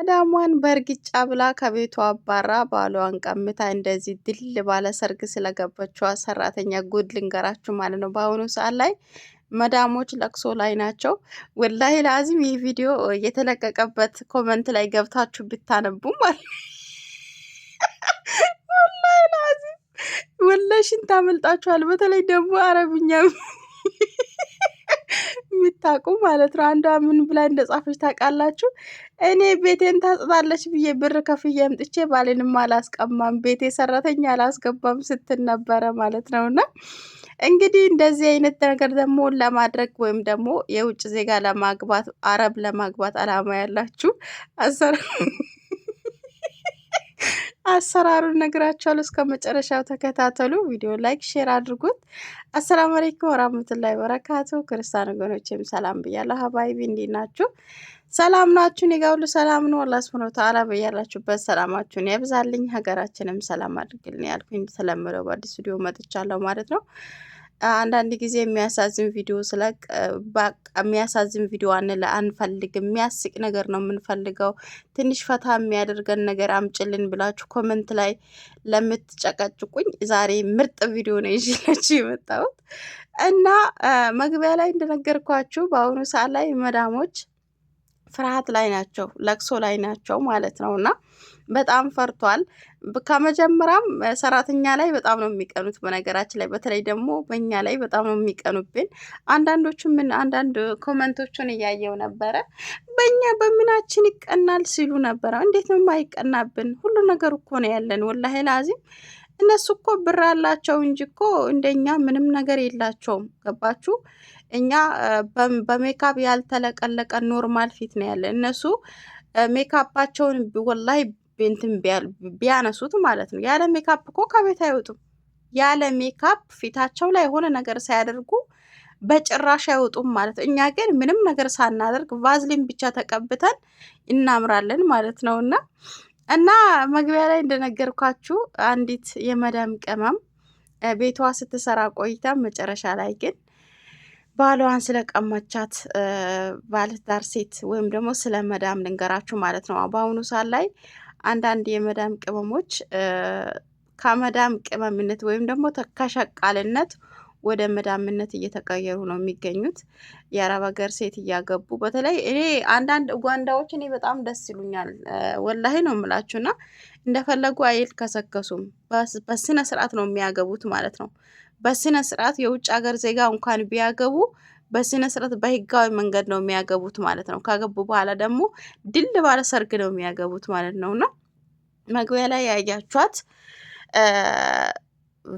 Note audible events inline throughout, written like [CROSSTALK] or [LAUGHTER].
ቅዳሟን በእርግጫ ብላ ከቤቷ አባራ ባሏን ቀምታ እንደዚህ ድል ባለ ሰርግ ስለገባችዋ ሰራተኛ ጉድ ልንገራችሁ ማለት ነው። በአሁኑ ሰዓት ላይ መዳሞች ለቅሶ ላይ ናቸው። ወላሂ ለአዚም ይህ ቪዲዮ የተለቀቀበት ኮመንት ላይ ገብታችሁ ብታነቡ ማለት [LAUGHS] ወላሂ ለአዚም ወላሽን ታመልጣችኋል። በተለይ ደግሞ አረብኛ የምታውቁ ማለት ነው። አንዷ ምን ብላ እንደጻፈች ታውቃላችሁ? እኔ ቤቴን ታጽዳለች ብዬ ብር ከፍዬ አምጥቼ ባሌንም አላስቀማም፣ ቤቴ ሰራተኛ አላስገባም ስትል ነበረ ማለት ነው። እና እንግዲህ እንደዚህ አይነት ነገር ደግሞ ለማድረግ ወይም ደግሞ የውጭ ዜጋ ለማግባት አረብ ለማግባት አላማ ያላችሁ አሰራሩን ነግራችኋለሁ። እስከ መጨረሻው ተከታተሉ። ቪዲዮ ላይክ፣ ሼር አድርጉት። አሰላሙ አለይኩም ወራህመቱላሂ ወበረካቱ። ክርስቲያን ወገኖቼም ሰላም ብያለሁ። ሀባይቢ እንዴት ናችሁ? ሰላም ናችሁ? እኔ ጋር ሁሉ ሰላም ነው። አላህ ሱብሐነሁ ወተዓላ በያላችሁበት ሰላማችሁን ያብዛልኝ፣ ሀገራችንም ሰላም አድርግልኝ ያልኩኝ፣ እንደተለመደው በአዲስ ስቱዲዮ መጥቻለሁ ማለት ነው። አንዳንድ ጊዜ የሚያሳዝን ቪዲዮ ስለቅ የሚያሳዝን ቪዲዮ አንለ አንፈልግ የሚያስቅ ነገር ነው የምንፈልገው። ትንሽ ፈታ የሚያደርገን ነገር አምጭልን ብላችሁ ኮመንት ላይ ለምትጨቀጭቁኝ ዛሬ ምርጥ ቪዲዮ ነው ይዤላችሁ የመጣሁት እና መግቢያ ላይ እንደነገርኳችሁ በአሁኑ ሰዓት ላይ መዳሞች ፍርሃት ላይ ናቸው፣ ለቅሶ ላይ ናቸው ማለት ነው እና በጣም ፈርቷል። ከመጀመሪያም ሰራተኛ ላይ በጣም ነው የሚቀኑት። በነገራችን ላይ በተለይ ደግሞ በእኛ ላይ በጣም ነው የሚቀኑብን። አንዳንዶቹ ምን አንዳንድ ኮመንቶቹን እያየው ነበረ። በእኛ በምናችን ይቀናል ሲሉ ነበረ። እንዴት ነው የማይቀናብን? ሁሉ ነገር እኮ ነው ያለን። ወላሂ ላዚም እነሱ እኮ ብር አላቸው እንጂ እኮ እንደኛ ምንም ነገር የላቸውም። ገባችሁ? እኛ በሜካፕ ያልተለቀለቀ ኖርማል ፊት ነው ያለ። እነሱ ሜካፓቸውን ወላሂ እንትን ቢያነሱት ማለት ነው ያለ ሜካፕ እኮ ከቤት አይወጡም። ያለ ሜካፕ ፊታቸው ላይ የሆነ ነገር ሳያደርጉ በጭራሽ አይወጡም ማለት ነው። እኛ ግን ምንም ነገር ሳናደርግ ቫዝሊን ብቻ ተቀብተን እናምራለን ማለት ነው። እና እና መግቢያ ላይ እንደነገርኳችሁ አንዲት የመዳም ቅመም ቤቷ ስትሰራ ቆይታ መጨረሻ ላይ ግን ባሏን ስለቀማቻት ባለትዳር ሴት ወይም ደግሞ ስለ መዳም ልንገራችሁ ማለት ነው። በአሁኑ ሰዓት ላይ አንዳንድ የመዳም ቅመሞች ከመዳም ቅመምነት ወይም ደግሞ ከሸቃልነት ወደ መዳምነት እየተቀየሩ ነው የሚገኙት። የአረብ ሀገር ሴት እያገቡ በተለይ እኔ አንዳንድ ጓንዳዎች እኔ በጣም ደስ ይሉኛል፣ ወላሄ ነው የምላችሁ እና እንደፈለጉ አይል ከሰከሱም በስነ ስርዓት ነው የሚያገቡት ማለት ነው። በስነ ስርዓት የውጭ ሀገር ዜጋ እንኳን ቢያገቡ በስነ ስርዓት በህጋዊ መንገድ ነው የሚያገቡት ማለት ነው። ካገቡ በኋላ ደግሞ ድል ባለ ሰርግ ነው የሚያገቡት ማለት ነው እና መግቢያ ላይ ያያችኋት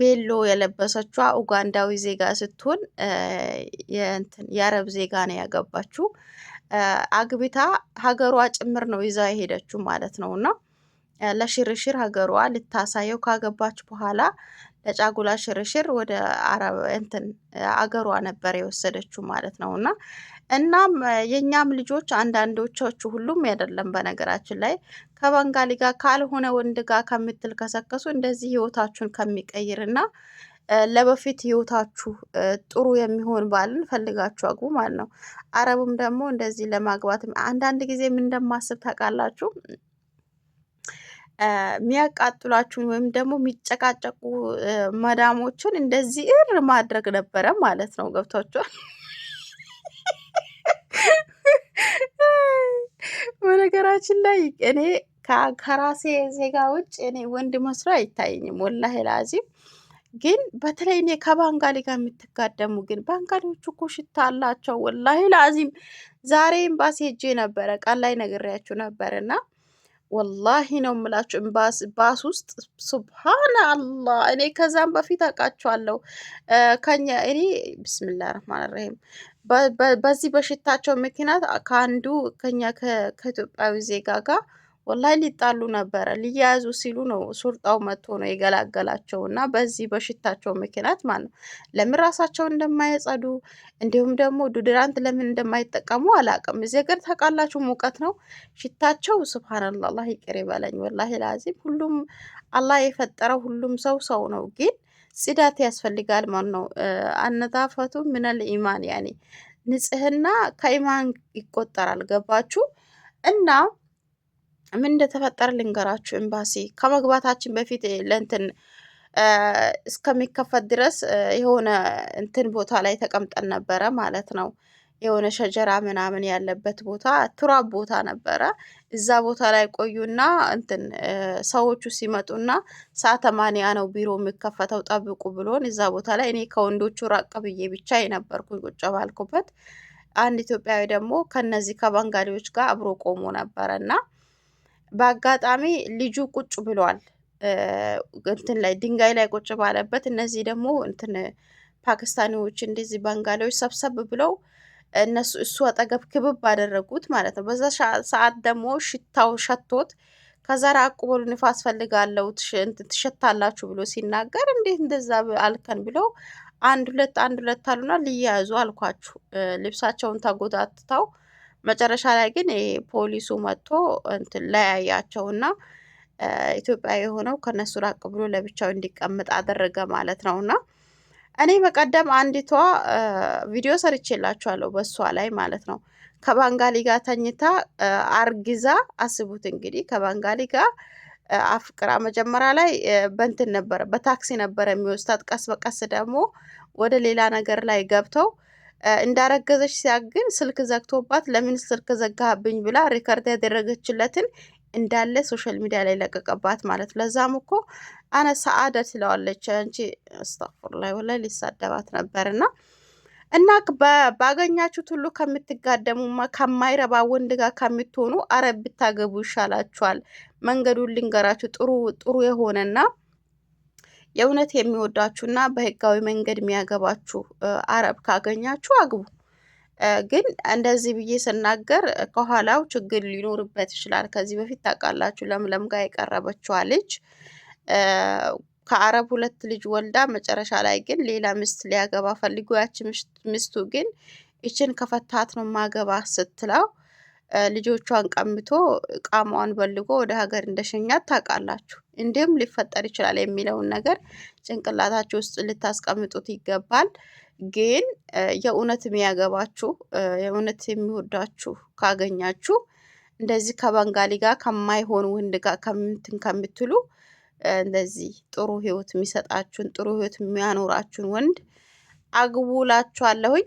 ቬሎ የለበሰቿ ኡጋንዳዊ ዜጋ ስትሆን የአረብ ዜጋ ነው ያገባችው። አግብታ ሀገሯ ጭምር ነው ይዛ የሄደችው ማለት ነው እና ለሽርሽር ሀገሯ ልታሳየው ካገባች በኋላ ለጫጉላ ሽርሽር ወደ አረብ እንትን አገሯ ነበር የወሰደችው ማለት ነው። እና እናም የእኛም ልጆች አንዳንዶቻችሁ ሁሉም አይደለም በነገራችን ላይ ከባንጋሊ ጋር ካልሆነ ወንድ ጋር ከምትል ከሰከሱ እንደዚህ ህይወታችሁን ከሚቀይርና ለበፊት ህይወታችሁ ጥሩ የሚሆን ባልን ፈልጋችሁ አግቡ ማለት ነው። አረቡም ደግሞ እንደዚህ ለማግባት አንዳንድ ጊዜ ምን እንደማስብ ታውቃላችሁ? የሚያቃጥሏችሁን ወይም ደግሞ የሚጨቃጨቁ መዳሞችን እንደዚህ እር ማድረግ ነበረ ማለት ነው። ገብቷችኋል? በነገራችን ላይ እኔ ከራሴ ዜጋ ውጭ እኔ ወንድ መስሎ አይታየኝም። ወላሂ ላዚም ግን በተለይ እኔ ከባንጋሊ ጋር የምትጋደሙ ግን ባንጋሊዎቹ እኮ ሽታ አላቸው። ወላሂ ላዚም ዛሬ ኤምባሲ ሄጄ ነበረ፣ ቃል ላይ ነግሬያችሁ ነበር እና ወላሂ ነው የምላችሁ። ባስ ውስጥ ሱብሃነ አላህ። እኔ ከዛም በፊት አውቃቸዋለሁ ከኛ እኔ ብስምላ ረህማን ረሂም በዚህ በሽታቸው ምክንያት ከአንዱ ከኛ ከኢትዮጵያዊ ዜጋ ጋር ወላይ ሊጣሉ ነበረ። ሊያያዙ ሲሉ ነው ሱርጣው መጥቶ ነው የገላገላቸው እና በዚህ በሽታቸው ምክንያት ማለት ነው ለምን ራሳቸው እንደማይጸዱ እንዲሁም ደግሞ ዱድራንት ለምን እንደማይጠቀሙ አላቅም። እዚህ ሀገር ታውቃላችሁ ሙቀት ነው ሽታቸው። ስብሓንላ ይቅር ይበለኝ። ወላሂ ላዚም ሁሉም አላህ የፈጠረው ሁሉም ሰው ሰው ነው፣ ግን ጽዳት ያስፈልጋል ማለት ነው። አነዛፈቱ ምነል ኢማን ያኔ ንጽህና ከኢማን ይቆጠራል። ገባችሁ እና ምን እንደተፈጠረ ልንገራችሁ። ኤምባሲ ከመግባታችን በፊት ለእንትን እስከሚከፈት ድረስ የሆነ እንትን ቦታ ላይ ተቀምጠን ነበረ ማለት ነው። የሆነ ሸጀራ ምናምን ያለበት ቦታ ቱራብ ቦታ ነበረ። እዛ ቦታ ላይ ቆዩና እንትን ሰዎቹ ሲመጡና ሰዓተማንያ ነው ቢሮ የሚከፈተው ጠብቁ ብሎን እዛ ቦታ ላይ እኔ ከወንዶቹ ራቅ ብዬ ብቻ የነበርኩኝ ቁጭ ባልኩበት አንድ ኢትዮጵያዊ ደግሞ ከነዚህ ከባንጋሊዎች ጋር አብሮ ቆሞ ነበረ እና በአጋጣሚ ልጁ ቁጭ ብሏል እንትን ላይ ድንጋይ ላይ ቁጭ ባለበት እነዚህ ደግሞ እንትን ፓኪስታኒዎች እንደዚህ ባንጋሊዎች ሰብሰብ ብለው እነሱ እሱ አጠገብ ክብብ አደረጉት ማለት ነው። በዛ ሰዓት ደግሞ ሽታው ሸቶት ከዛ ራቁ በሉ ንፋስ ፈልጋለሁ ትሸታላችሁ ብሎ ሲናገር እንዴት እንደዛ አልከን ብለው አንድ ሁለት አንድ ሁለት አሉና ልያያዙ አልኳችሁ ልብሳቸውን ተጎታትተው መጨረሻ ላይ ግን ፖሊሱ መጥቶ እንትን ለያያቸውና ኢትዮጵያ የሆነው ከነሱ ራቅ ብሎ ለብቻው እንዲቀመጥ አደረገ ማለት ነው። እና እኔ በቀደም አንዲቷ ቪዲዮ ሰርቼላችኋለሁ በእሷ ላይ ማለት ነው። ከባንጋሊ ጋር ተኝታ አርጊዛ አስቡት እንግዲህ ከባንጋሊ ጋር አፍቅራ መጀመሪያ ላይ በንትን ነበረ በታክሲ ነበረ የሚወስታት ቀስ በቀስ ደግሞ ወደ ሌላ ነገር ላይ ገብተው እንዳረገዘች ሲያግን ስልክ ዘግቶባት ለምን ስልክ ዘጋብኝ ብላ ሪከርድ ያደረገችለትን እንዳለ ሶሻል ሚዲያ ላይ ለቀቀባት ማለት ለዛም እኮ አነ ሰአደ ትለዋለች አንቺ አስተፍር ላይ ወላ ሊሳደባት ነበርና እና ባገኛችሁት ሁሉ ከምትጋደሙ ከማይረባ ወንድ ጋር ከምትሆኑ አረብ ብታገቡ ይሻላችኋል። መንገዱን ልንገራችሁ ጥሩ ጥሩ የሆነና የእውነት የሚወዳችሁና በህጋዊ መንገድ የሚያገባችሁ አረብ ካገኛችሁ አግቡ። ግን እንደዚህ ብዬ ስናገር ከኋላው ችግር ሊኖርበት ይችላል። ከዚህ በፊት ታውቃላችሁ፣ ለምለም ጋር የቀረበችዋ ልጅ ከአረብ ሁለት ልጅ ወልዳ መጨረሻ ላይ ግን ሌላ ሚስት ሊያገባ ፈልጎ ያቺ ሚስቱ ግን ይችን ከፈታት ነው ማገባ ስትለው ልጆቿን ቀምቶ ቃሟን በልጎ ወደ ሀገር እንደሸኛት ታውቃላችሁ። እንዲሁም ሊፈጠር ይችላል የሚለውን ነገር ጭንቅላታችሁ ውስጥ ልታስቀምጡት ይገባል። ግን የእውነት የሚያገባችሁ የእውነት የሚወዳችሁ ካገኛችሁ እንደዚህ ከባንጋሊ ጋር ከማይሆን ወንድ ጋር ከምንትን ከምትሉ እንደዚህ ጥሩ ህይወት የሚሰጣችሁን ጥሩ ህይወት የሚያኖራችሁን ወንድ አግቡላችኋለሁኝ።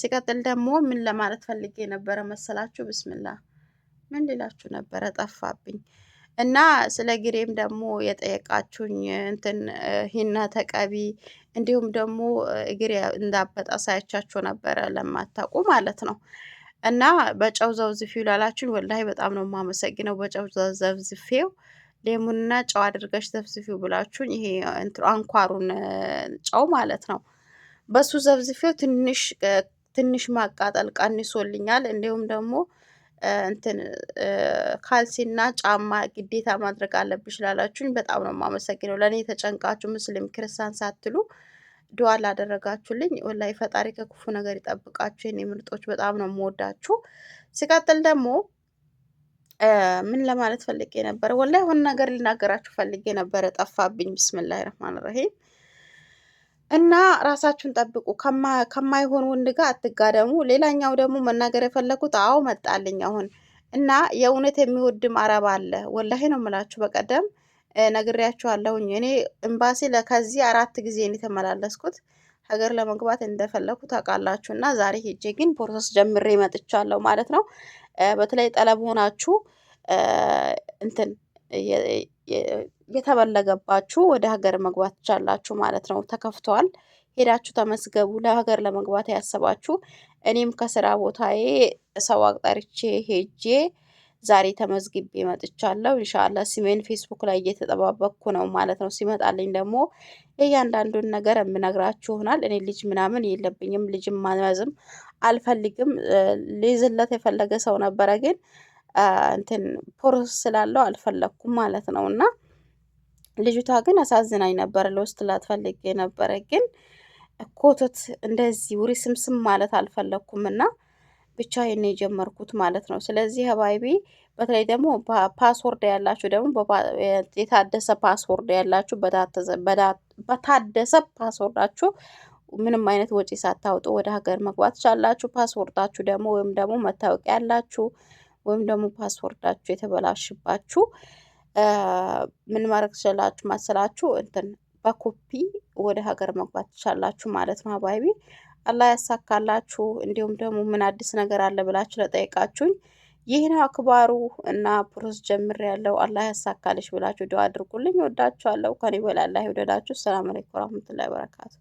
ሲቀጥል ደግሞ ምን ለማለት ፈልጌ የነበረ መሰላችሁ? ብስምላ ምን ልላችሁ ነበረ ጠፋብኝ። እና ስለ ግሬም ደግሞ የጠየቃችሁኝ እንትን ሂና ተቀቢ እንዲሁም ደግሞ እግሬ እንዳበጣ ሳያቻቸው ነበረ ለማታውቁ ማለት ነው። እና በጨው ዘብዝፊው ላላችሁኝ ወላሂ በጣም ነው የማመሰግነው። በጨው ዘብዝፌው ሌሙንና ጨው አድርገሽ ዘብዝፊው ብላችሁኝ ይሄ አንኳሩን ጨው ማለት ነው በሱ ዘብዝፌው ትንሽ ትንሽ ማቃጠል ቀንሶልኛል። እንዲሁም ደግሞ እንትን ካልሲና ጫማ ግዴታ ማድረግ አለብሽ ላላችሁኝ በጣም ነው የማመሰግነው። ለእኔ የተጨንቃችሁ ሙስሊም ክርስቲያን ሳትሉ ድዋ ላደረጋችሁልኝ ወላሂ ፈጣሪ ከክፉ ነገር ይጠብቃችሁ። የኔ ምርጦች በጣም ነው የምወዳችሁ። ሲቀጥል ደግሞ ምን ለማለት ፈልጌ ነበረ? ወላሂ የሆነ ነገር ልናገራችሁ ፈልጌ ነበረ ጠፋብኝ። ብስምላሂ ረህማን ረሂም እና ራሳችሁን ጠብቁ። ከማይሆን ወንድ ጋር አትጋደሙ። ሌላኛው ደግሞ መናገር የፈለኩት አዎ መጣልኝ አሁን እና የእውነት የሚወድም አረብ አለ። ወላሄ ነው የምላችሁ። በቀደም ነግሬያችኋለሁኝ። እኔ ኤምባሲ ከዚህ አራት ጊዜ ነው የተመላለስኩት። ሀገር ለመግባት እንደፈለኩ ታውቃላችሁ። እና ዛሬ ሄጄ ግን ፕሮሰስ ጀምሬ መጥቻለሁ ማለት ነው። በተለይ ጠለብ ሆናችሁ እንትን የተፈለገባችሁ ወደ ሀገር መግባት ቻላችሁ ማለት ነው። ተከፍተዋል። ሄዳችሁ ተመዝገቡ። ለሀገር ለመግባት ያሰባችሁ እኔም ከስራ ቦታዬ ሰው አቅጠርቼ ሄጄ ዛሬ ተመዝግቤ መጥቻለሁ። ኢንሻአላህ ስሜን ፌስቡክ ላይ እየተጠባበቅኩ ነው ማለት ነው። ሲመጣልኝ ደግሞ እያንዳንዱን ነገር የምነግራችሁ ይሆናል። እኔ ልጅ ምናምን የለብኝም፣ ልጅም ማመዝም አልፈልግም። ልይዝለት የፈለገ ሰው ነበረ ግን እንትን ፖሮስ ስላለው አልፈለግኩም ማለት ነው። እና ልጅቷ ግን አሳዝናኝ ነበር። ለውስጥ ላትፈልግ የነበረ ግን ኮቶት እንደዚህ ውሪ ስምስም ማለት አልፈለግኩም እና ብቻ ነው የጀመርኩት ማለት ነው። ስለዚህ ባይቢ በተለይ ደግሞ ፓስወርድ ያላችሁ ደግሞ የታደሰ ፓስወርድ ያላችሁ በታደሰ ፓስወርዳችሁ ምንም አይነት ወጪ ሳታውጡ ወደ ሀገር መግባት ቻላችሁ። ፓስወርዳችሁ ደግሞ ወይም ደግሞ መታወቂያ ያላችሁ ወይም ደግሞ ፓስወርዳችሁ የተበላሽባችሁ ምን ማድረግ ትችላላችሁ ማሰላችሁ እንትን በኮፒ ወደ ሀገር መግባት ትችላላችሁ ማለት ነው። አባይቢ አላህ ያሳካላችሁ። እንዲሁም ደግሞ ምን አዲስ ነገር አለ ብላችሁ ለጠይቃችሁኝ ይህ ነው አክባሩ እና ፕሮስ ጀምር ያለው አላህ ያሳካልሽ ብላችሁ ዱዓ አድርጉልኝ። ወዳችኋለሁ። ከኔ በላይ አላህ ይውደዳችሁ። ሰላም አለይኩም ወራህመቱላሂ ወበረካቱ።